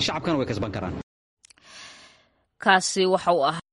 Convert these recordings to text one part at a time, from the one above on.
shacabkana way kasban karaan kaasi waxa uu ahaa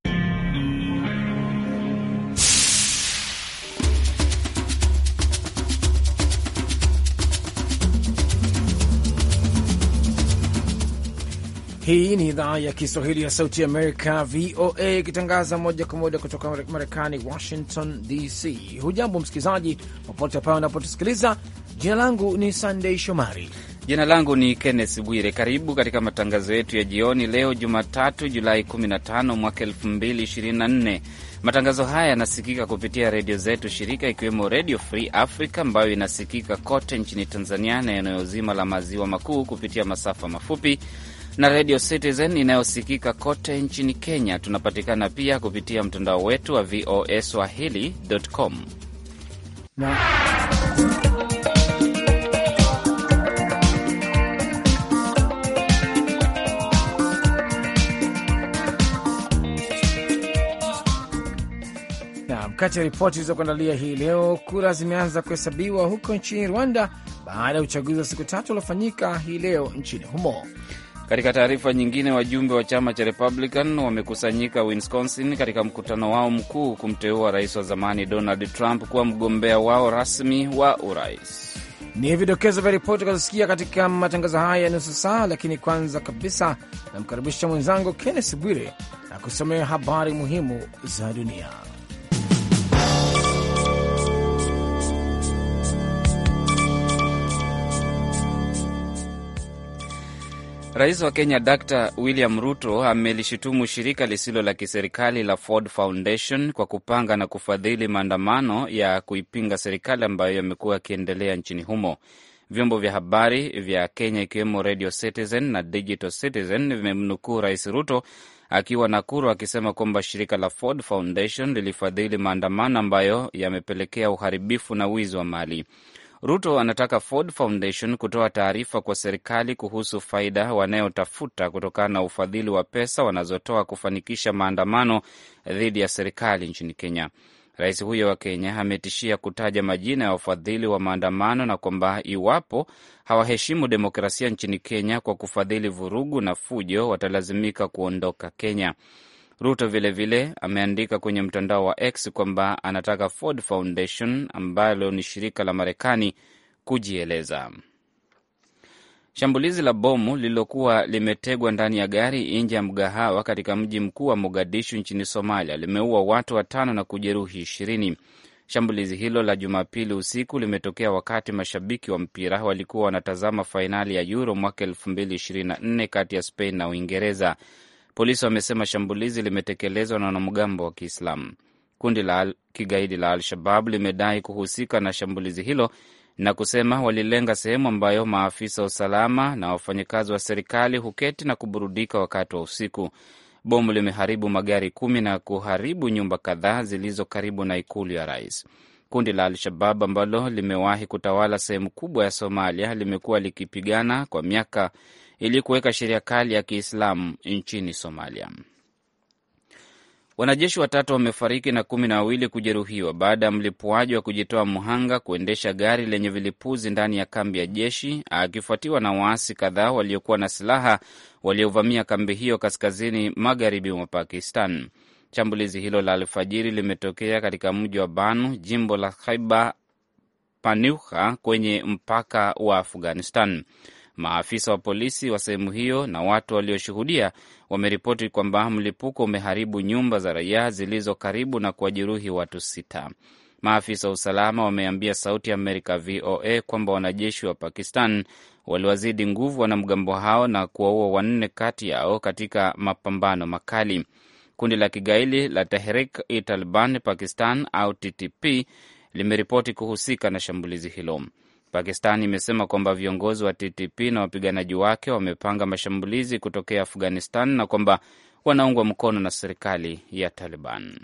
Hii ni idhaa ya Kiswahili ya Sauti Amerika, VOA, ikitangaza moja kwa moja kutoka Marekani, Washington DC. Hujambo msikilizaji, popote pale unapotusikiliza. Jina langu ni Sandei Shomari Jina langu ni Kenneth Bwire. Karibu katika matangazo yetu ya jioni leo Jumatatu, Julai 15 mwaka 2024. Matangazo haya yanasikika kupitia redio zetu shirika, ikiwemo Redio Free Africa ambayo inasikika kote nchini Tanzania na eneo zima la maziwa makuu kupitia masafa mafupi na Redio Citizen inayosikika kote nchini Kenya. Tunapatikana pia kupitia mtandao wetu wa voa swahili.com. kati ya ripoti zilizokuandalia hii leo, kura zimeanza kuhesabiwa huko nchini Rwanda baada ya uchaguzi wa siku tatu uliofanyika hii leo nchini humo. Katika taarifa nyingine, wajumbe wa chama cha Republican wamekusanyika Wisconsin katika mkutano wao mkuu kumteua rais wa zamani Donald Trump kuwa mgombea wao rasmi wa urais. Ni vidokezo vya ripoti ukazosikia katika matangazo haya ya nusu saa, lakini kwanza kabisa namkaribisha mwenzangu Kennes Bwire na kusomea habari muhimu za dunia. Rais wa Kenya Dr William Ruto amelishutumu shirika lisilo la kiserikali la Ford Foundation kwa kupanga na kufadhili maandamano ya kuipinga serikali ambayo yamekuwa yakiendelea nchini humo. Vyombo vya habari vya Kenya ikiwemo Radio Citizen na Digital Citizen vimemnukuu Rais Ruto akiwa Nakuru akisema kwamba shirika la Ford Foundation lilifadhili maandamano ambayo yamepelekea uharibifu na wizi wa mali. Ruto anataka Ford Foundation kutoa taarifa kwa serikali kuhusu faida wanayotafuta kutokana na ufadhili wa pesa wanazotoa kufanikisha maandamano dhidi ya serikali nchini Kenya. Rais huyo wa Kenya ametishia kutaja majina ya wafadhili wa maandamano na kwamba iwapo hawaheshimu demokrasia nchini Kenya kwa kufadhili vurugu na fujo, watalazimika kuondoka Kenya. Ruto vilevile ameandika kwenye mtandao wa X kwamba anataka Ford Foundation ambalo ni shirika la Marekani kujieleza. Shambulizi la bomu lililokuwa limetegwa ndani ya gari nje ya mgahawa katika mji mkuu wa Mogadishu nchini Somalia limeua watu watano na kujeruhi ishirini. Shambulizi hilo la Jumapili usiku limetokea wakati mashabiki wa mpira walikuwa wanatazama fainali ya Euro mwaka 224 kati ya Spain na Uingereza. Polisi wamesema shambulizi limetekelezwa na wanamgambo wa Kiislamu. Kundi la kigaidi la Al-Shabab limedai kuhusika na shambulizi hilo na kusema walilenga sehemu ambayo maafisa wa usalama na wafanyakazi wa serikali huketi na kuburudika wakati wa usiku. Bomu limeharibu magari kumi na kuharibu nyumba kadhaa zilizo karibu na ikulu ya rais. Kundi la Al-Shabab ambalo limewahi kutawala sehemu kubwa ya Somalia limekuwa likipigana kwa miaka ili kuweka sheria kali ya Kiislamu nchini Somalia. Wanajeshi watatu wamefariki na kumi na wawili kujeruhiwa baada ya mlipuaji wa kujitoa mhanga kuendesha gari lenye vilipuzi ndani ya kambi ya jeshi akifuatiwa na waasi kadhaa waliokuwa na silaha waliovamia kambi hiyo kaskazini magharibi mwa Pakistan. Shambulizi hilo la alfajiri limetokea katika mji wa Banu, jimbo la Khyber Pakhtunkhwa, kwenye mpaka wa Afghanistan. Maafisa wa polisi wa sehemu hiyo na watu walioshuhudia wameripoti kwamba mlipuko umeharibu nyumba za raia zilizo karibu na kuwajeruhi watu sita. Maafisa wa usalama wameambia Sauti ya Amerika VOA kwamba wanajeshi wa Pakistan waliwazidi nguvu wanamgambo hao na kuwaua wanne kati yao katika mapambano makali. Kundi la kigaidi la Tehrik-i Taliban Pakistan au TTP limeripoti kuhusika na shambulizi hilo. Pakistan imesema kwamba viongozi wa TTP na wapiganaji wake wamepanga mashambulizi kutokea Afghanistan na kwamba wanaungwa mkono na serikali ya Taliban.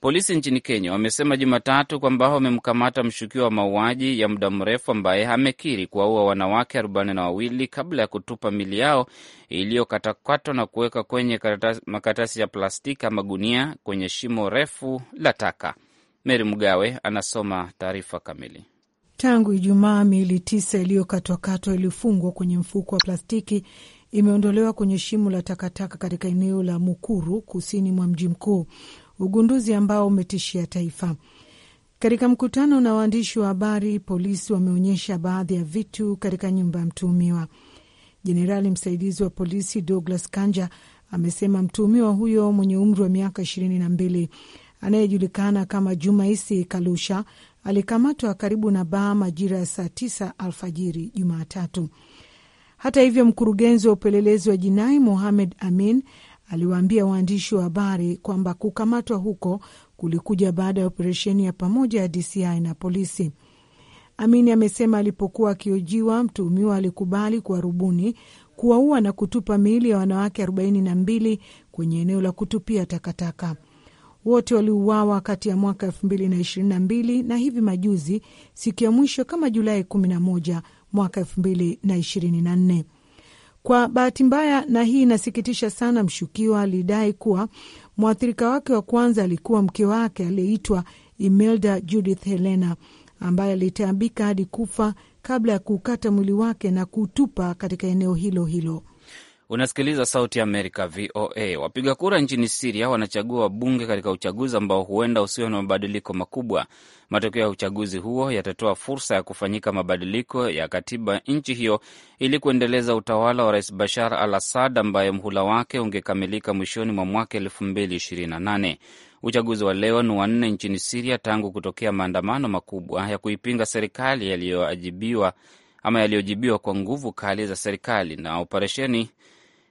Polisi nchini Kenya wamesema Jumatatu kwamba wamemkamata mshukiwa wa mauaji ya muda mrefu ambaye amekiri kuwaua wanawake arobaini na wawili kabla ya kutupa mili yao iliyokatakatwa na kuweka kwenye karatasi, makaratasi ya plastiki ama gunia kwenye shimo refu la taka. Meri Mgawe anasoma taarifa kamili. Tangu Ijumaa, miili tisa iliyokatwakatwa ilifungwa kwenye mfuko wa plastiki imeondolewa kwenye shimo la takataka katika eneo la Mukuru, kusini mwa mji mkuu, ugunduzi ambao umetishia taifa. Katika mkutano na waandishi wa habari, polisi wameonyesha baadhi ya vitu katika nyumba ya mtuhumiwa. Jenerali msaidizi wa polisi Douglas Kanja amesema mtuhumiwa huyo mwenye umri wa miaka ishirini na mbili anayejulikana kama Jumaisi Kalusha alikamatwa karibu na baa majira ya saa tisa alfajiri Jumatatu. Hata hivyo, mkurugenzi wa upelelezi wa jinai Mohamed Amin aliwaambia waandishi wa habari kwamba kukamatwa huko kulikuja baada ya operesheni ya pamoja ya DCI na polisi. amin amesema alipokuwa akiojiwa, mtuhumiwa alikubali kwa rubuni kuwaua na kutupa miili ya wanawake 42 kwenye eneo la kutupia takataka wote waliuawa kati ya mwaka 222 na hivi majuzi, siku ya mwisho kama Julai 11 mwaka 2024. Kwa bahati mbaya, na hii inasikitisha sana, mshukiwa alidai kuwa mwathirika wake wa kwanza alikuwa mke wake aliyeitwa Imelda Judith Helena ambaye alitaabika hadi kufa kabla ya kuukata mwili wake na kuutupa katika eneo hilo hilo. Unasikiliza Sauti ya Amerika, VOA. Wapiga kura nchini Siria wanachagua wabunge katika uchaguzi ambao huenda usiwe na mabadiliko makubwa. Matokeo ya uchaguzi huo yatatoa fursa ya kufanyika mabadiliko ya katiba nchi hiyo ili kuendeleza utawala wa Rais Bashar al Assad ambaye mhula wake ungekamilika mwishoni mwa mwaka nane. Uchaguzi wa leo ni wanne nchini Siria tangu kutokea maandamano makubwa ya kuipinga serikali yaliyoajibiwa ama yaliyojibiwa kwa nguvu kali za serikali na operesheni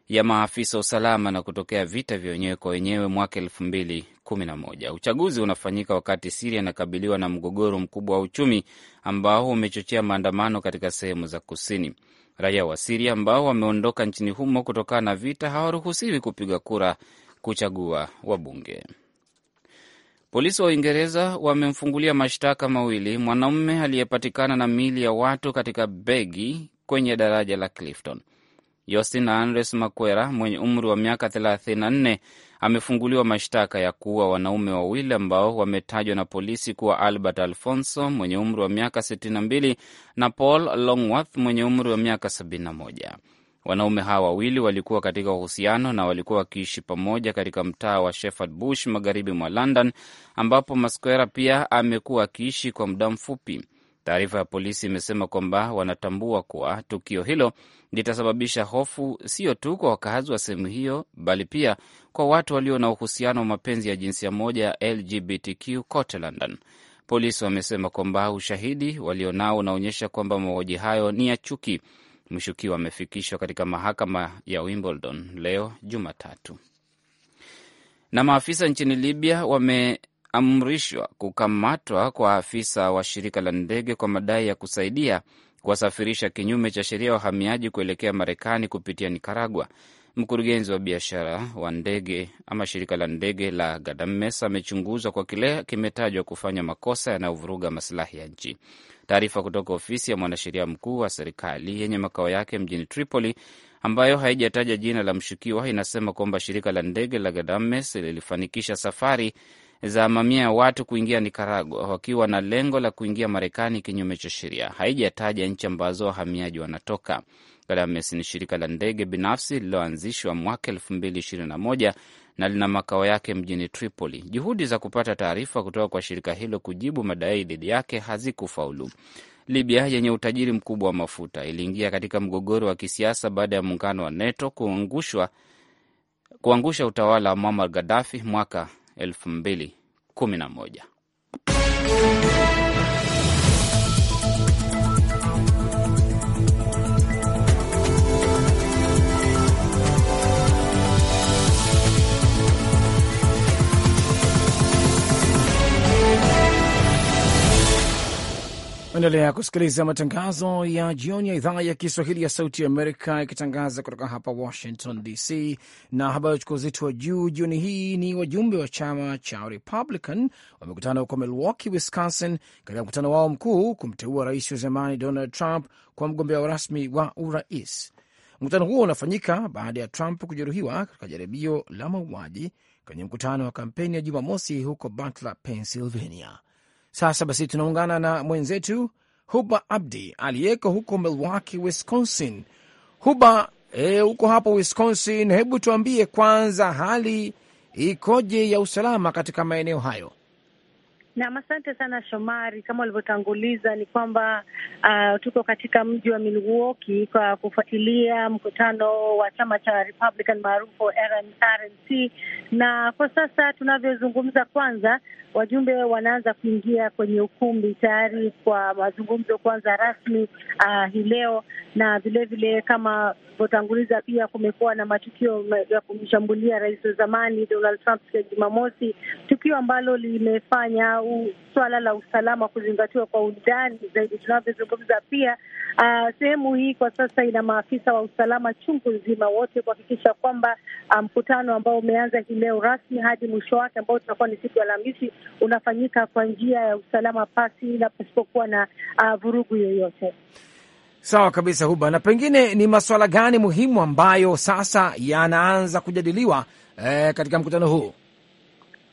ya maafisa usalama na kutokea vita vya wenyewe kwa wenyewe mwaka elfu mbili kumi na moja. Uchaguzi unafanyika wakati Siria inakabiliwa na mgogoro mkubwa wa uchumi ambao umechochea maandamano katika sehemu za kusini. Raia wa Siria ambao wameondoka nchini humo kutokana na vita hawaruhusiwi kupiga kura kuchagua wabunge. Polisi wa Uingereza wamemfungulia mashtaka mawili mwanaume aliyepatikana na miili ya watu katika begi kwenye daraja la Clifton. Justin Andres Makwera mwenye umri wa miaka 34 amefunguliwa mashtaka ya kuua wanaume wawili ambao wametajwa na polisi kuwa Albert Alfonso mwenye umri wa miaka 62 na Paul Longworth mwenye umri wa miaka 71. Wanaume hawa wawili walikuwa katika uhusiano na walikuwa wakiishi pamoja katika mtaa wa Shepherd Bush magharibi mwa London, ambapo Maskwera pia amekuwa akiishi kwa muda mfupi. Taarifa ya polisi imesema kwamba wanatambua kuwa tukio hilo litasababisha hofu sio tu kwa wakazi wa sehemu hiyo, bali pia kwa watu walio na uhusiano wa mapenzi ya jinsia moja ya LGBTQ kote London. Polisi wamesema kwamba ushahidi walionao unaonyesha kwamba mauaji hayo ni ya chuki. Mshukiwa amefikishwa katika mahakama ya Wimbledon leo Jumatatu. Na maafisa nchini Libya wame ameamrishwa kukamatwa kwa afisa wa shirika la ndege kwa madai ya kusaidia kuwasafirisha kinyume cha sheria wahamiaji kuelekea Marekani kupitia Nikaragua. Mkurugenzi wa biashara wa ndege ama shirika la ndege la Gadames amechunguzwa kwa kile kimetajwa kufanya makosa yanayovuruga masilahi ya nchi. Taarifa kutoka ofisi ya mwanasheria mkuu wa serikali yenye makao yake mjini Tripoli, ambayo haijataja jina la mshukiwa, inasema kwamba shirika la ndege la Gadames lilifanikisha safari za mamia ya watu kuingia Nikaragua wakiwa na lengo la kuingia Marekani kinyume cha sheria. Haijataja nchi ambazo wahamiaji wanatoka. Galames ni shirika la ndege binafsi lililoanzishwa mwaka elfu mbili ishirini na moja na lina makao yake mjini Tripoli. Juhudi za kupata taarifa kutoka kwa shirika hilo kujibu madai dhidi yake hazikufaulu. Libya yenye utajiri mkubwa wa mafuta iliingia katika mgogoro wa kisiasa baada ya muungano wa NATO kuangushwa kuangusha utawala wa Muammar Gaddafi mwaka elfu mbili kumi na moja Endelea kusikiliza matangazo ya jioni ya idhaa ya Kiswahili ya Sauti ya Amerika ikitangaza kutoka hapa Washington DC. Na habari chukua uzito wa juu jioni hii ni wajumbe wa chama cha Republican wamekutana huko Milwaukee, Wisconsin, katika mkutano wao mkuu kumteua rais wa zamani Donald Trump kwa mgombea rasmi wa urais. Mkutano huo unafanyika baada ya Trump kujeruhiwa katika jaribio la mauaji kwenye mkutano wa kampeni ya Jumamosi huko Butler, Pennsylvania. Sasa basi tunaungana na mwenzetu Huba Abdi aliyeko huko Milwaukee, Wisconsin. Huba e, uko hapo Wisconsin, hebu tuambie kwanza hali ikoje ya usalama katika maeneo hayo? Nam, asante sana Shomari. Kama ulivyotanguliza ni kwamba uh, tuko katika mji wa Milwaukee kwa kufuatilia mkutano wa chama cha Republican maarufu RNC, na kwa sasa tunavyozungumza, kwanza wajumbe wanaanza kuingia kwenye ukumbi tayari kwa mazungumzo kuanza rasmi uh, hii leo, na vilevile kama alivyotanguliza, pia kumekuwa na matukio ya kumshambulia rais wa zamani Donald Trump siku ya Jumamosi, tukio ambalo limefanya swala la usalama kuzingatiwa kwa undani zaidi tunavyozungumza. Pia uh, sehemu hii kwa sasa ina maafisa wa usalama chungu nzima wote kuhakikisha kwamba ah, mkutano um, ambao umeanza hii leo rasmi hadi mwisho wake ambao tutakuwa ni siku ya Alhamisi unafanyika kwa njia ya usalama pasi na pasipokuwa na uh, vurugu yoyote. Sawa kabisa, Huba. Na pengine ni masuala gani muhimu ambayo sasa yanaanza kujadiliwa eh, katika mkutano huu?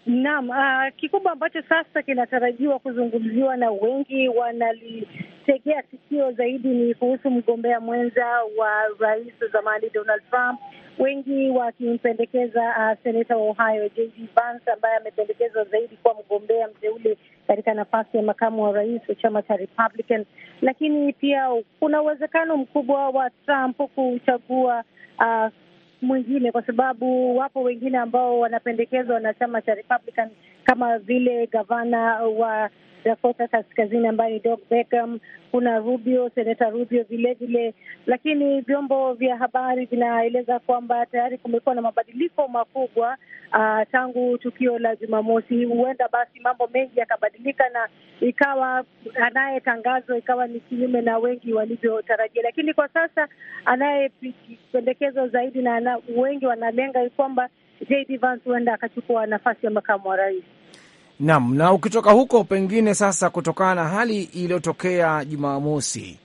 Naam, uh, kikubwa ambacho sasa kinatarajiwa kuzungumziwa na wengi wanalitegea sikio zaidi ni kuhusu mgombea mwenza wa rais wa zamani Donald Trump, wengi wakimpendekeza uh, seneta wa Ohio JD Vance ambaye amependekezwa zaidi kuwa mgombea mteule katika nafasi ya makamu wa rais wa chama cha Republican, lakini pia kuna uwezekano mkubwa wa Trump kuchagua uh, mwingine, kwa sababu wapo wengine ambao wanapendekezwa na chama cha Republican kama vile gavana wa Dakota Kaskazini ambaye ni Doug Beckham, kuna Rubio, seneta Rubio vilevile. Lakini vyombo vya habari vinaeleza kwamba tayari kumekuwa na mabadiliko makubwa uh, tangu tukio la Jumamosi. Huenda basi mambo mengi yakabadilika na ikawa anayetangazwa ikawa ni kinyume na wengi walivyotarajia, lakini kwa sasa anayependekezwa zaidi na ana, wengi wanalenga kwamba JD Vance huenda akachukua nafasi ya makamu wa rais. Naam, na ukitoka huko pengine sasa, kutokana na hali iliyotokea Jumamosi,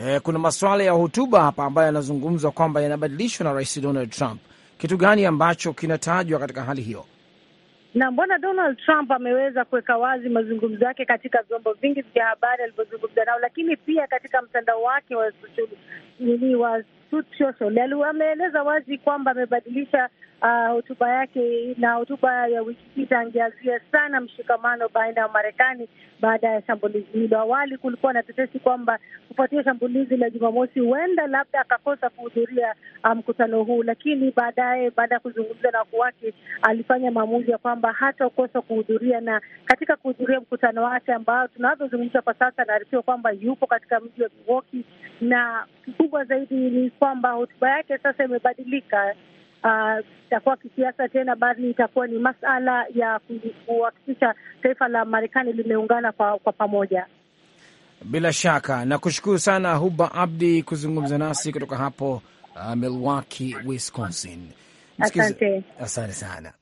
eh, kuna masuala ya hotuba hapa ambayo yanazungumzwa kwamba yanabadilishwa na Rais Donald Trump. Kitu gani ambacho kinatajwa katika hali hiyo? Na bwana Donald Trump ameweza kuweka wazi mazungumzo yake katika vyombo vingi vya habari alivyozungumza nao, lakini pia katika mtandao wake wa social, ameeleza wazi kwamba amebadilisha Ah, hotuba uh, yake na hotuba ya wiki hii angeazia sana mshikamano baina ya Marekani baada ya shambulizi hilo. Awali kulikuwa na tetesi kwamba kufuatia shambulizi la Jumamosi huenda labda akakosa kuhudhuria ah, mkutano um, huu, lakini baadaye, baada ya kuzungumza na wakuu wake, alifanya maamuzi ya kwamba hatakosa kuhudhuria. Na katika kuhudhuria mkutano wake ambao tunavyozungumza kwa sasa, anaarifiwa kwamba yupo katika mji wa Milwaukee, na kikubwa zaidi ni kwamba hotuba yake sasa imebadilika Ah, itakuwa uh, kisiasa tena, bali itakuwa ni masala ya kuhakikisha taifa la Marekani limeungana kwa, kwa pamoja. Bila shaka nakushukuru sana Huba Abdi kuzungumza nasi kutoka hapo uh, Milwaukee, Wisconsin. Asante, asante sana.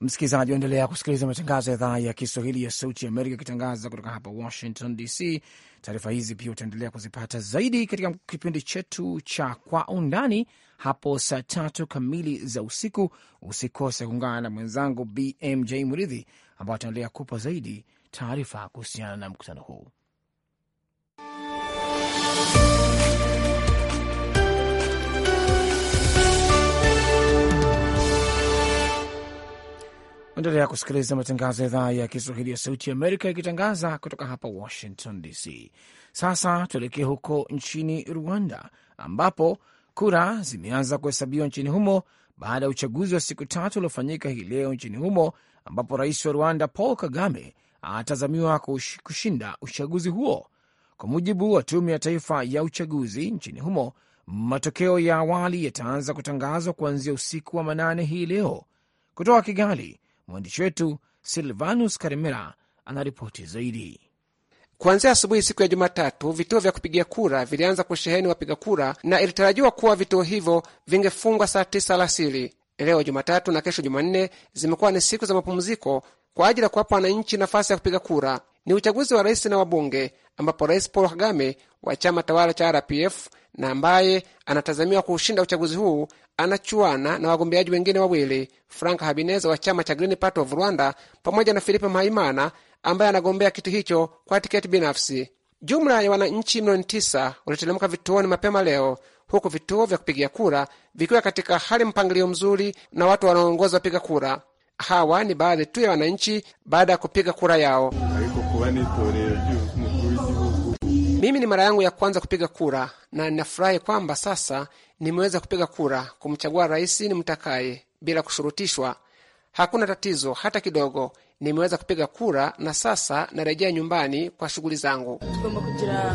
Msikilizaji waendelea kusikiliza matangazo ya idhaa ya Kiswahili ya Sauti ya Amerika ikitangaza kutoka hapa Washington DC. Taarifa hizi pia utaendelea kuzipata zaidi katika kipindi chetu cha Kwa Undani hapo saa tatu kamili za usiku. Usikose kuungana na mwenzangu BMJ Muridhi ambao ataendelea kupa zaidi taarifa kuhusiana na mkutano huu. Endelea kusikiliza matangazo ya idhaa ya Kiswahili ya Sauti ya Amerika ikitangaza kutoka hapa Washington DC. Sasa tuelekee huko nchini Rwanda ambapo kura zimeanza kuhesabiwa nchini humo baada ya uchaguzi wa siku tatu uliofanyika hii leo nchini humo, ambapo rais wa Rwanda Paul Kagame anatazamiwa kushinda uchaguzi huo. Kwa mujibu wa tume ya taifa ya uchaguzi nchini humo, matokeo ya awali yataanza kutangazwa kuanzia usiku wa manane hii leo. Kutoka Kigali, Mwandishi wetu Silvanus Karimera anaripoti zaidi. Kuanzia asubuhi siku ya Jumatatu, vituo vya kupigia kura vilianza kusheheni wapiga kura na ilitarajiwa kuwa vituo hivyo vingefungwa saa tisa alasiri. Leo Jumatatu na kesho Jumanne zimekuwa ni siku za mapumziko kwa ajili ya kuwapa wananchi nafasi ya kupiga kura ni uchaguzi wa rais na wabunge, ambapo Rais Paul Kagame wa chama tawala cha RPF na ambaye anatazamiwa kuushinda uchaguzi huu anachuana na wagombeaji wengine wawili, Frank Habineza wa chama cha Green Party of Rwanda pamoja na Filipe Mhaimana ambaye anagombea kiti hicho kwa tiketi binafsi. Jumla ya wananchi milioni tisa walitelemka vituoni mapema leo, huku vituo vya kupigia kura vikiwa katika hali mpangilio mzuri na watu wanaoongoza wapiga kura. Hawa ni baadhi tu ya wananchi baada ya kupiga kura yao. Mimi ni mara yangu ya kwanza kupiga kura na ninafurahi kwamba sasa nimeweza kupiga kura kumchagua rais nimtakaye bila kushurutishwa. Hakuna tatizo hata kidogo. Nimeweza kupiga kura na sasa narejea nyumbani kwa shughuli zangu. Eh,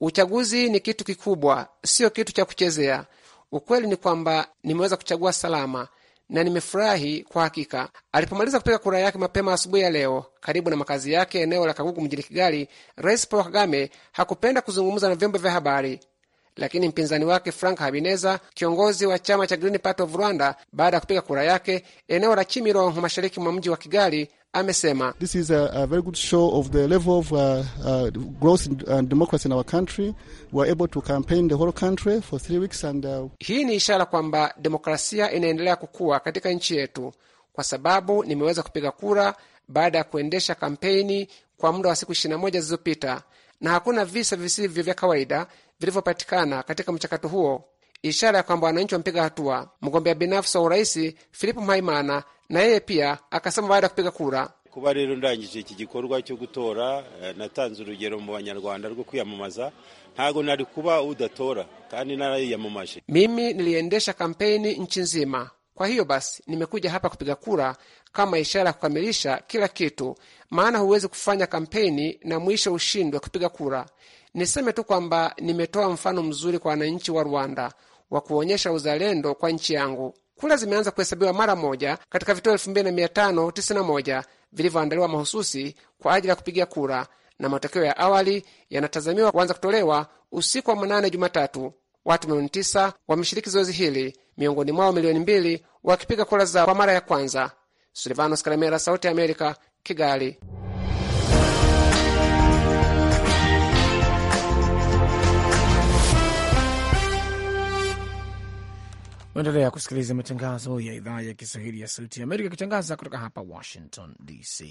Uchaguzi ni kitu kikubwa, sio kitu cha kuchezea. Ukweli ni kwamba nimeweza kuchagua salama na nimefurahi kwa hakika. Alipomaliza kupiga kura yake mapema asubuhi ya leo karibu na makazi yake eneo la Kagugu mjini Kigali, Rais Paul Kagame hakupenda kuzungumza na vyombo vya habari, lakini mpinzani wake Frank Habineza, kiongozi wa chama cha Green Party of Rwanda, baada ya kupiga kura yake eneo la Kimironko mashariki mwa mji wa Kigali amesema This is a, a very good show of the level of uh, uh, growth democracy in our country. We are able to campaign the whole country for three weeks and, uh... Hii ni ishara kwamba demokrasia inaendelea kukua katika nchi yetu, kwa sababu nimeweza kupiga kura baada ya kuendesha kampeni kwa muda wa siku 21 zilizopita, na hakuna visa visivyo vya kawaida vilivyopatikana katika mchakato huo, ishara ya kwamba wananchi wamepiga hatua. Mgombea binafsi wa urais Filipo Maimana na yeye pia akasema baada ya kupiga kura kuba rero ndangije iki gikorwa cyo gutora eh, natanze urugero mu banyarwanda rwo kwiyamamaza ntago nari kuba udatora kandi narayiyamamaje. Mimi niliendesha kampeni nchi nzima, kwa hiyo basi nimekuja hapa kupiga kura kama ishara ya kukamilisha kila kitu, maana huwezi kufanya kampeni na mwisho ushindwe kupiga kura. Niseme tu kwamba nimetoa mfano mzuri kwa wananchi wa Rwanda wa kuonyesha uzalendo kwa nchi yangu kura zimeanza kuhesabiwa mara moja katika vituo 2591 vilivyoandaliwa mahususi kwa ajili ya kupiga kura, na matokeo ya awali yanatazamiwa kuanza kutolewa usiku wa manane Jumatatu. Watu milioni tisa wameshiriki zoezi hili, miongoni mwao milioni mbili wakipiga kura zao kwa mara ya kwanza. Silvanos Kalemera, Sauti ya Amerika, Kigali. Unaendelea kusikiliza matangazo ya idhaa ya Kiswahili ya Sauti ya Amerika ikitangaza kutoka hapa Washington DC.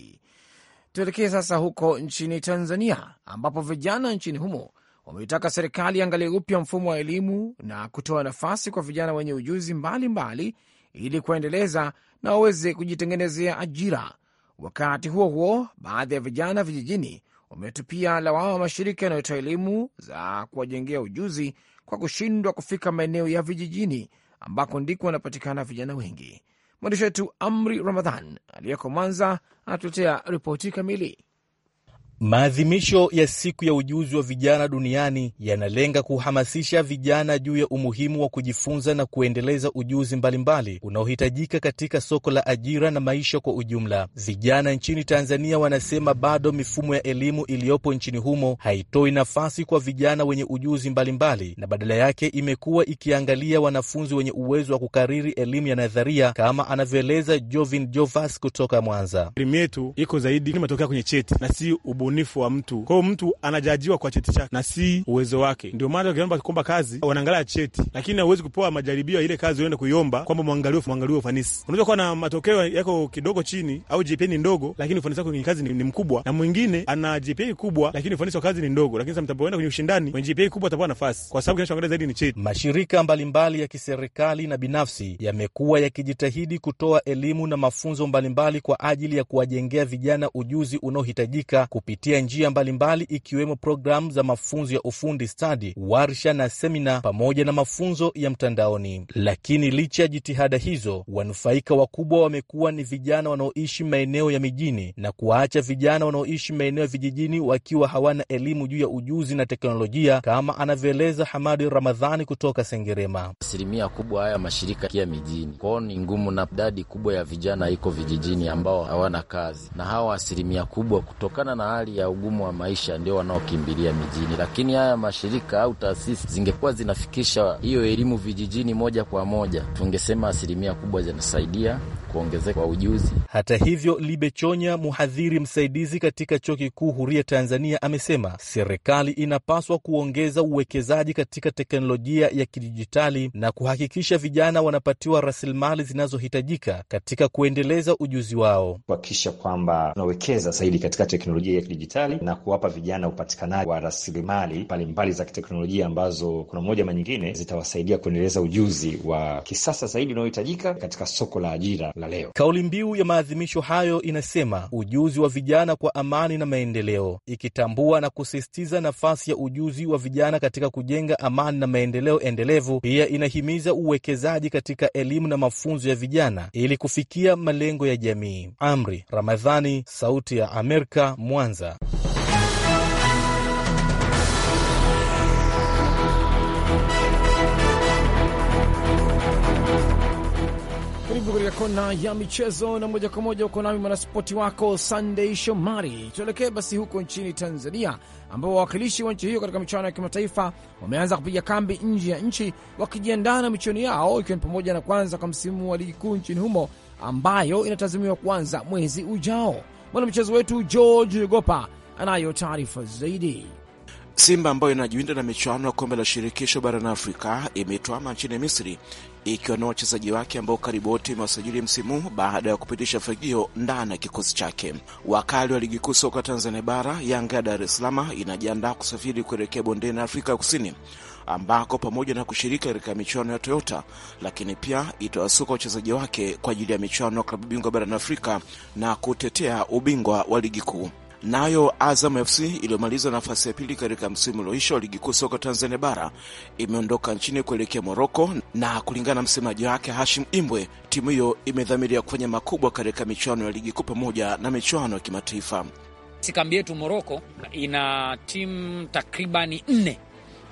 Tuelekee sasa huko nchini Tanzania, ambapo vijana nchini humo wameitaka serikali angalie upya mfumo wa elimu na kutoa nafasi kwa vijana wenye ujuzi mbalimbali ili kuendeleza na waweze kujitengenezea ajira. Wakati huo huo, baadhi ya vijana vijijini wametupia lawama mashirika yanayotoa elimu za kuwajengea ujuzi kwa kushindwa kufika maeneo ya vijijini ambako ndiko wanapatikana vijana wengi. Mwandishi wetu Amri Ramadhan aliyeko Mwanza anatuletea ripoti kamili. Maadhimisho ya siku ya ujuzi wa vijana duniani yanalenga kuhamasisha vijana juu ya umuhimu wa kujifunza na kuendeleza ujuzi mbalimbali unaohitajika katika soko la ajira na maisha kwa ujumla. Vijana nchini Tanzania wanasema bado mifumo ya elimu iliyopo nchini humo haitoi nafasi kwa vijana wenye ujuzi mbalimbali mbali, na badala yake imekuwa ikiangalia wanafunzi wenye uwezo wa kukariri elimu ya nadharia kama anavyoeleza Jovin Jovas kutoka Mwanza. Elimu yetu iko zaidi matokeo kwenye cheti na si ubu ubunifu wa mtu. Kwa hiyo mtu anajajiwa kwa cheti chake na si uwezo wake. Ndio maana ukiomba kuomba kazi wanaangalia cheti, lakini hauwezi kupewa majaribio ile kazi uende kuiomba kwamba mwangaliwe mwangaliwe ufanisi. Unaweza kuwa na matokeo yako kidogo chini au GPA ni ndogo, lakini ufanisi wako kwenye kazi ni, ni mkubwa, na mwingine ana GPA kubwa, lakini ufanisi wa kazi ni ndogo, lakini sasa mtapoenda kwenye ushindani wenye GPA kubwa atapewa nafasi, kwa sababu kinachoangalia zaidi ni cheti. Mashirika mbalimbali mbali ya kiserikali na binafsi yamekuwa yakijitahidi kutoa elimu na mafunzo mbalimbali mbali kwa ajili ya kuwajengea vijana ujuzi unaohitajika kupitia kupitia njia mbalimbali mbali ikiwemo programu za mafunzo ya ufundi stadi, warsha na semina pamoja na mafunzo ya mtandaoni. Lakini licha ya jitihada hizo, wanufaika wakubwa wamekuwa ni vijana wanaoishi maeneo ya mijini na kuwaacha vijana wanaoishi maeneo ya vijijini wakiwa hawana elimu juu ya ujuzi na teknolojia, kama anavyoeleza Hamadi Ramadhani kutoka Sengerema. Asilimia kubwa haya mashirika kia mijini kwao ni ngumu, na idadi kubwa ya vijana iko vijijini ambao hawana kazi, na hawa asilimia kubwa kutokana na hali hali ya ugumu wa maisha ndio wanaokimbilia mijini, lakini haya mashirika au taasisi zingekuwa zinafikisha hiyo elimu vijijini moja kwa moja, tungesema asilimia kubwa zinasaidia kuongezeka kwa ujuzi. Hata hivyo, libe chonya mhadhiri msaidizi katika Chuo Kikuu Huria Tanzania, amesema serikali inapaswa kuongeza uwekezaji katika teknolojia ya kidijitali na kuhakikisha vijana wanapatiwa rasilimali zinazohitajika katika kuendeleza ujuzi wao, kuhakikisha kwamba tunawekeza zaidi katika teknolojia ya kidijitali na kuwapa vijana upatikanaji wa rasilimali mbalimbali za kiteknolojia ambazo kuna moja ama nyingine zitawasaidia kuendeleza ujuzi wa kisasa zaidi unaohitajika katika soko la ajira la leo. Kauli mbiu ya maadhimisho hayo inasema ujuzi wa vijana kwa amani na maendeleo, ikitambua na kusisitiza nafasi ya ujuzi wa vijana katika kujenga amani na maendeleo endelevu. Pia inahimiza uwekezaji katika elimu na mafunzo ya vijana ili kufikia malengo ya jamii. Amri Ramadhani, Sauti ya Amerika, Mwanza. Karibu katika kona ya michezo, na moja kwa moja uko nami mwanaspoti wako Sunday Shomari. Tuelekee basi huko nchini Tanzania, ambao wawakilishi wa nchi hiyo katika michuano ya kimataifa wameanza kupiga kambi nje ya nchi wakijiandaa na michuano yao, ikiwa ni pamoja na kwanza kwa msimu wa ligi kuu nchini humo ambayo inatazamiwa kuanza mwezi ujao. Mwanamchezo wetu George Gopa anayo taarifa zaidi. Simba ambayo inajiwinda na michuano ya kombe la shirikisho barani Afrika imetwama nchini Misri ikiwa na wachezaji wake ambao karibu wote imewasajili msimu baada ya kupitisha fagio ndani ya kikosi chake. Wakali wa ligi kuu soka Tanzania Bara, Yanga ya Dar es Salaam inajiandaa kusafiri kuelekea bondeni Afrika Kusini, ambako pamoja na kushiriki katika michuano ya Toyota, lakini pia itawasuka wachezaji wake kwa ajili ya michuano ya klabu bingwa barani Afrika na kutetea ubingwa wa ligi kuu. Nayo Azam FC iliyomaliza nafasi ya pili katika msimu ulioisha wa ligi kuu soka Tanzania bara imeondoka nchini kuelekea Moroko, na kulingana na msemaji wake Hashim Imbwe, timu hiyo imedhamiria kufanya makubwa katika michuano ya ligi kuu pamoja na michuano ya kimataifa. Si kambi yetu Moroko ina timu takribani nne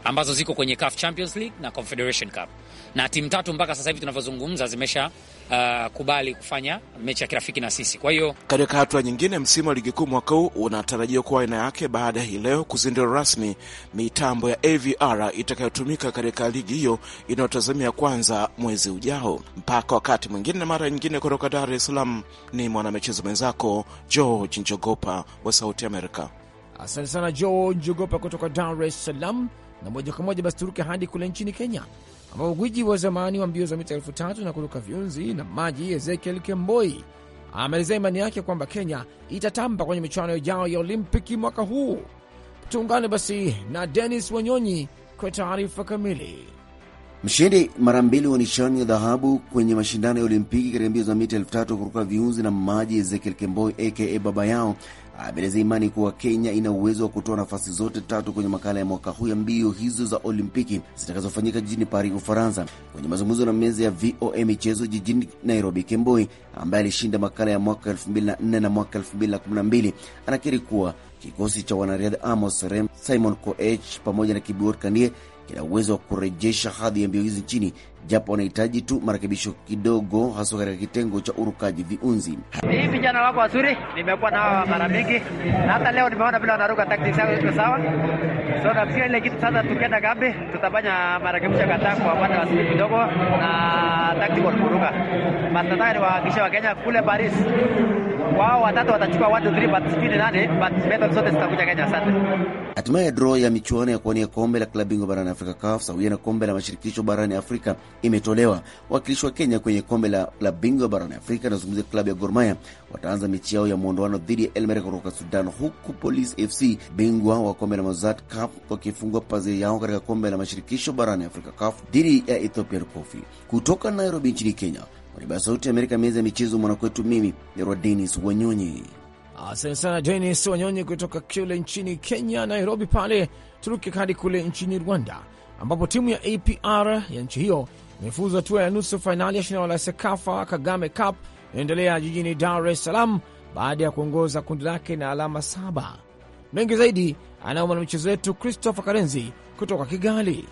ambazo ziko kwenye CAF Champions League na Confederation Cup, na timu tatu mpaka sasa hivi tunavyozungumza zimesha uh, kubali kufanya mechi ya kirafiki na sisi. Kwa hiyo katika hatua nyingine, msimu wa ligi kuu mwaka huu unatarajiwa kuwa aina yake baada ya hii leo kuzindua rasmi mitambo ya AVR itakayotumika katika ligi hiyo inayotazamia kwanza mwezi ujao. Mpaka wakati mwingine na mara nyingine, kutoka Dar es Salaam ni mwanamichezo mwenzako George Njogopa wa Sauti Amerika. Asante sana George Njogopa kutoka Dar es Salaam. Na moja kwa moja basi turuke hadi kule nchini Kenya ambao gwiji wa zamani wa mbio za mita elfu tatu na kuruka viunzi na maji Ezekiel Kemboi ameelezea imani yake kwamba Kenya itatamba kwenye michuano ijao ya Olimpiki mwaka huu. Tuungane basi na Denis Wanyonyi kwa taarifa kamili. Mshindi mara mbili wa nishani ya dhahabu kwenye mashindano ya Olimpiki katika mbio za mita elfu tatu kuruka viunzi na maji, Ezekiel Kemboi aka Baba Yao ameeleza imani kuwa Kenya ina uwezo wa kutoa nafasi zote tatu kwenye makala ya mwaka huu ya mbio hizo za Olimpiki zitakazofanyika jijini Paris, Ufaransa. Kwenye mazungumzo na meza ya VOA michezo jijini Nairobi, Kemboi ambaye alishinda makala ya mwaka 2004 na mwaka 2012 anakiri kuwa kikosi cha wanariadha Amos Rem, Simon Koech pamoja na Kibiwot Kandie kina uwezo wa kurejesha hadhi ya mbio hizi nchini japo wanahitaji tu marekebisho kidogo, haswa katika kitengo cha urukaji viunzi. Hii vijana wako wazuri, nimekuwa nao mara mingi na hata leo nimeona vile wanaruka taktisi taktiki iko sawa. So nafikia ile kitu sasa, tukienda kambi tutafanya marekebisho kadhaa kwa upande wa spidi kidogo na tactical kuruka. Nataka niwahakikishe Wakenya kule Paris wao watatu watachukua 1 2 3 but spidi nane but medal zote zitakuja Kenya. Asante. Hatimaye draw ya michuano ya kuwania kombe la klabu bingwa barani Afrika CAF sawia na kombe la mashirikisho barani Afrika imetolewa. Wakilishi wa Kenya kwenye kombe la, la bingwa barani Afrika anazungumzia klabu ya Gor Mahia wataanza mechi yao ya mwondoano dhidi ya Elmere kutoka Sudan, huku Police FC bingwa wa kombe la Mozart Cup wakifungua pazia yao katika kombe la mashirikisho barani Afrika CAF dhidi ya Ethiopian Coffee kutoka Nairobi nchini Kenya. Kwa ya Sauti ya Amerika, meza ya michezo mwanakwetu, mimi Yarwa Denis Wanyonyi. Asante sana Denis Wanyonyi kutoka kule nchini Kenya, Nairobi pale turuki hadi kule nchini Rwanda ambapo timu ya APR ya nchi hiyo imefuzu hatua ya nusu fainali ya shindano la SEKAFA Kagame Cup inaendelea jijini Dar es Salaam baada ya kuongoza kundi lake na alama saba. Mengi zaidi anayo mwanamchezo wetu Christopher Karenzi kutoka Kigali.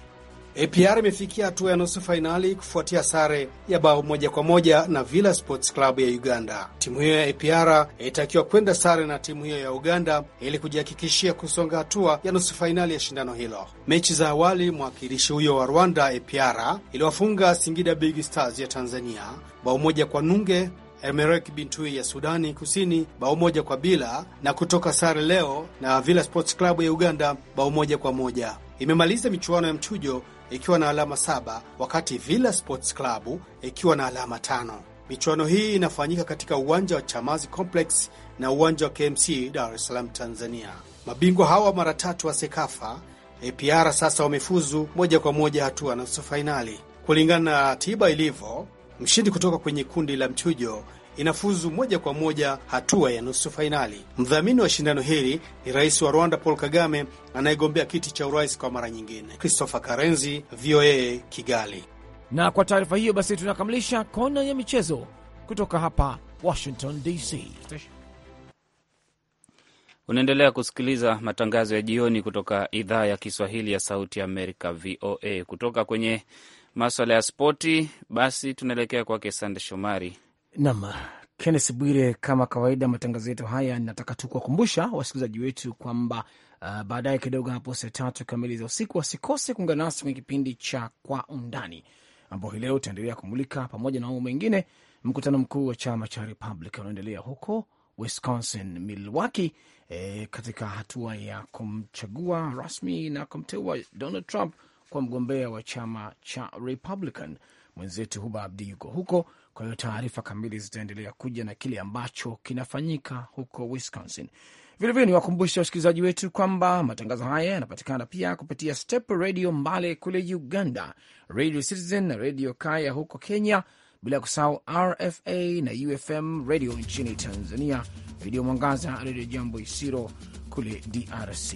APR imefikia hatua ya nusu fainali kufuatia sare ya bao moja kwa moja na Villa Sports Club ya Uganda. Timu hiyo ya APR ilitakiwa kwenda sare na timu hiyo ya Uganda ili kujihakikishia kusonga hatua ya nusu fainali ya shindano hilo. Mechi za awali mwakilishi huyo wa Rwanda, APR, iliwafunga Singida Big Stars ya Tanzania bao moja kwa nunge, Emerek Bintui ya Sudani Kusini bao moja kwa bila na kutoka sare leo na Villa Sports Club ya Uganda bao moja kwa moja. Imemaliza michuano ya mchujo ikiwa na alama saba wakati Villa Sports Club ikiwa na alama tano. Michuano hii inafanyika katika uwanja wa Chamazi Complex na uwanja wa KMC Dar es Salaam, Tanzania. Mabingwa hawa mara tatu wa Sekafa APR sasa wamefuzu moja kwa moja hatua nusu fainali. Kulingana na ratiba ilivyo, mshindi kutoka kwenye kundi la mchujo inafuzu moja kwa moja hatua ya nusu fainali. Mdhamini wa shindano hili ni rais wa Rwanda Paul Kagame anayegombea kiti cha urais kwa mara nyingine. Christopher Karenzi, VOA Kigali. Na kwa taarifa hiyo basi tunakamilisha kona ya michezo kutoka hapa Washington DC. Unaendelea kusikiliza matangazo ya jioni kutoka idhaa ya Kiswahili ya Sauti ya Amerika, VOA. Kutoka kwenye maswala ya spoti, basi tunaelekea kwake Sande Shomari Nam Kennes Bwire, kama kawaida, matangazo yetu haya, nataka tu kuwakumbusha wasikilizaji wetu kwamba uh, baadaye kidogo hapo saa tatu kamili za usiku wasikose kuungana nasi kwenye kipindi cha Kwa Undani, ambao hii leo utaendelea kumulika pamoja na mambo mengine, mkutano mkuu wa chama cha Republican unaendelea huko Wisconsin, Milwaukee, e, katika hatua ya kumchagua rasmi na kumteua Donald Trump kwa mgombea wa chama cha Republican. Mwenzetu Huba Abdi yuko huko kwa hiyo taarifa kamili zitaendelea kuja na kile ambacho kinafanyika huko Wisconsin. Vilevile ni wasikilizaji wetu kwamba matangazo haya yanapatikana pia kupitia Step Redio Mbale kule Uganda, Radio Citizen na Redio Kaya huko Kenya, bila kusahau RFA na UFM Radio nchini Tanzania, Redio Mwangaza, Redio Jambo Isiro kule DRC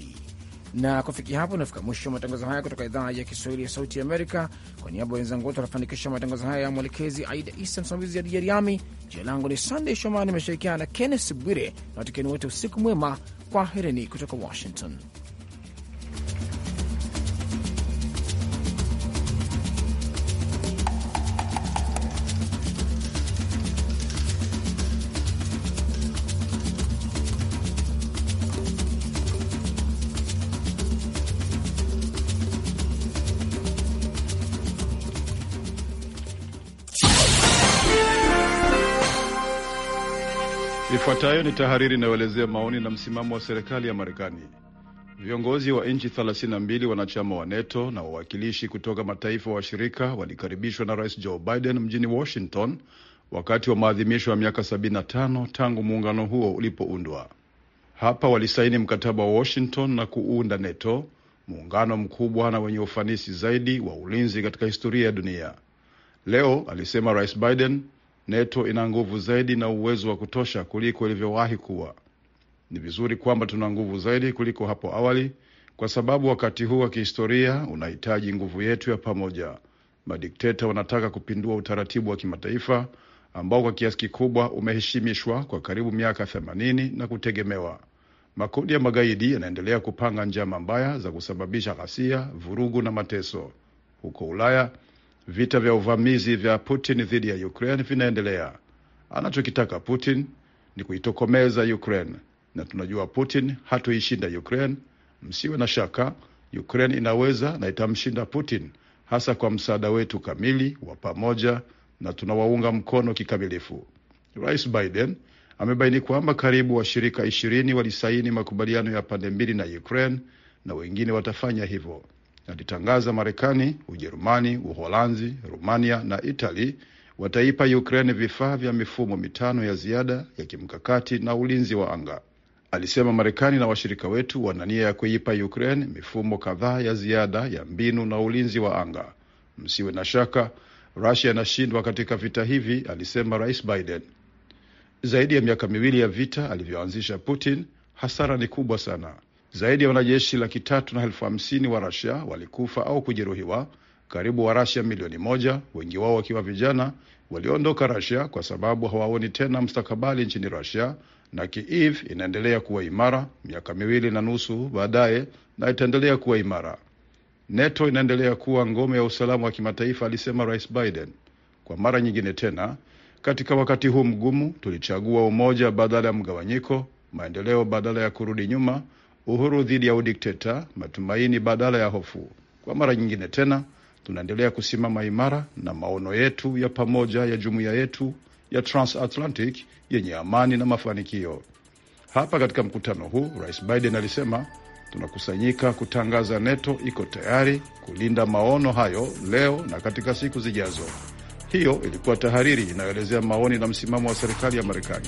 na kufikia hapo nafika mwisho wa matangazo haya kutoka idhaa ya Kiswahili ya Sauti Amerika. Kwa niaba ya wenzangu wote wanafanikisha matangazo haya ya mwelekezi Aida Isa, msimamizi Adija Riami, jina langu ni Sandey Shomani, nimeshirikiana na Kennes Bwire na watikeni wote, usiku mwema, kwaherini kutoka Washington. Ifuatayo ni tahariri inayoelezea maoni na msimamo wa serikali ya Marekani. Viongozi wa nchi 32 wanachama wa NATO na wawakilishi kutoka mataifa washirika walikaribishwa na Rais Joe Biden mjini Washington wakati wa maadhimisho ya miaka 75 tangu muungano huo ulipoundwa. Hapa walisaini mkataba wa Washington na kuunda NATO, muungano mkubwa na wenye ufanisi zaidi wa ulinzi katika historia ya dunia. Leo, alisema Rais Biden, NATO ina nguvu zaidi na uwezo wa kutosha kuliko ilivyowahi kuwa. Ni vizuri kwamba tuna nguvu zaidi kuliko hapo awali, kwa sababu wakati huu wa kihistoria unahitaji nguvu yetu ya pamoja. Madikteta wanataka kupindua utaratibu wa kimataifa ambao kwa kiasi kikubwa umeheshimishwa kwa karibu miaka 80 na kutegemewa. Makundi ya magaidi yanaendelea kupanga njama mbaya za kusababisha ghasia, vurugu na mateso. Huko Ulaya vita vya uvamizi vya Putin dhidi ya Ukraine vinaendelea. Anachokitaka Putin ni kuitokomeza Ukraine, na tunajua Putin hatuishinda Ukraine. Msiwe na shaka, Ukraine inaweza na itamshinda Putin, hasa kwa msaada wetu kamili wa pamoja, na tunawaunga mkono kikamilifu. Rais Biden amebaini kwamba karibu washirika ishirini walisaini makubaliano ya pande mbili na Ukraine na wengine watafanya hivyo alitangaza Marekani, Ujerumani, Uholanzi, Rumania na Itali wataipa Ukraine vifaa vya mifumo mitano ya ziada ya kimkakati na ulinzi wa anga. Alisema Marekani na washirika wetu wana nia ya kuipa Ukraine mifumo kadhaa ya ziada ya mbinu na ulinzi wa anga. Msiwe na shaka, Rusia inashindwa katika vita hivi, alisema Rais Biden. Zaidi ya miaka miwili ya vita alivyoanzisha Putin, hasara ni kubwa sana. Zaidi ya wanajeshi laki tatu na elfu hamsini wa Rasia walikufa au kujeruhiwa, karibu wa Rasia milioni moja, wengi wao wakiwa vijana waliondoka Rasia kwa sababu hawaoni tena mstakabali nchini Rasia, na Kiev inaendelea kuwa imara miaka miwili na nusu baadaye, na itaendelea kuwa imara. NATO inaendelea kuwa ngome ya usalama wa kimataifa, alisema Rais Biden. Kwa mara nyingine tena, katika wakati huu mgumu, tulichagua umoja badala ya mgawanyiko, maendeleo badala ya kurudi nyuma, uhuru dhidi ya udikteta, matumaini badala ya hofu. Kwa mara nyingine tena tunaendelea kusimama imara na maono yetu ya pamoja ya jumuiya yetu ya transatlantic yenye amani na mafanikio. Hapa katika mkutano huu, Rais Biden alisema tunakusanyika kutangaza NATO iko tayari kulinda maono hayo leo na katika siku zijazo. Hiyo ilikuwa tahariri inayoelezea maoni na msimamo wa serikali ya Marekani.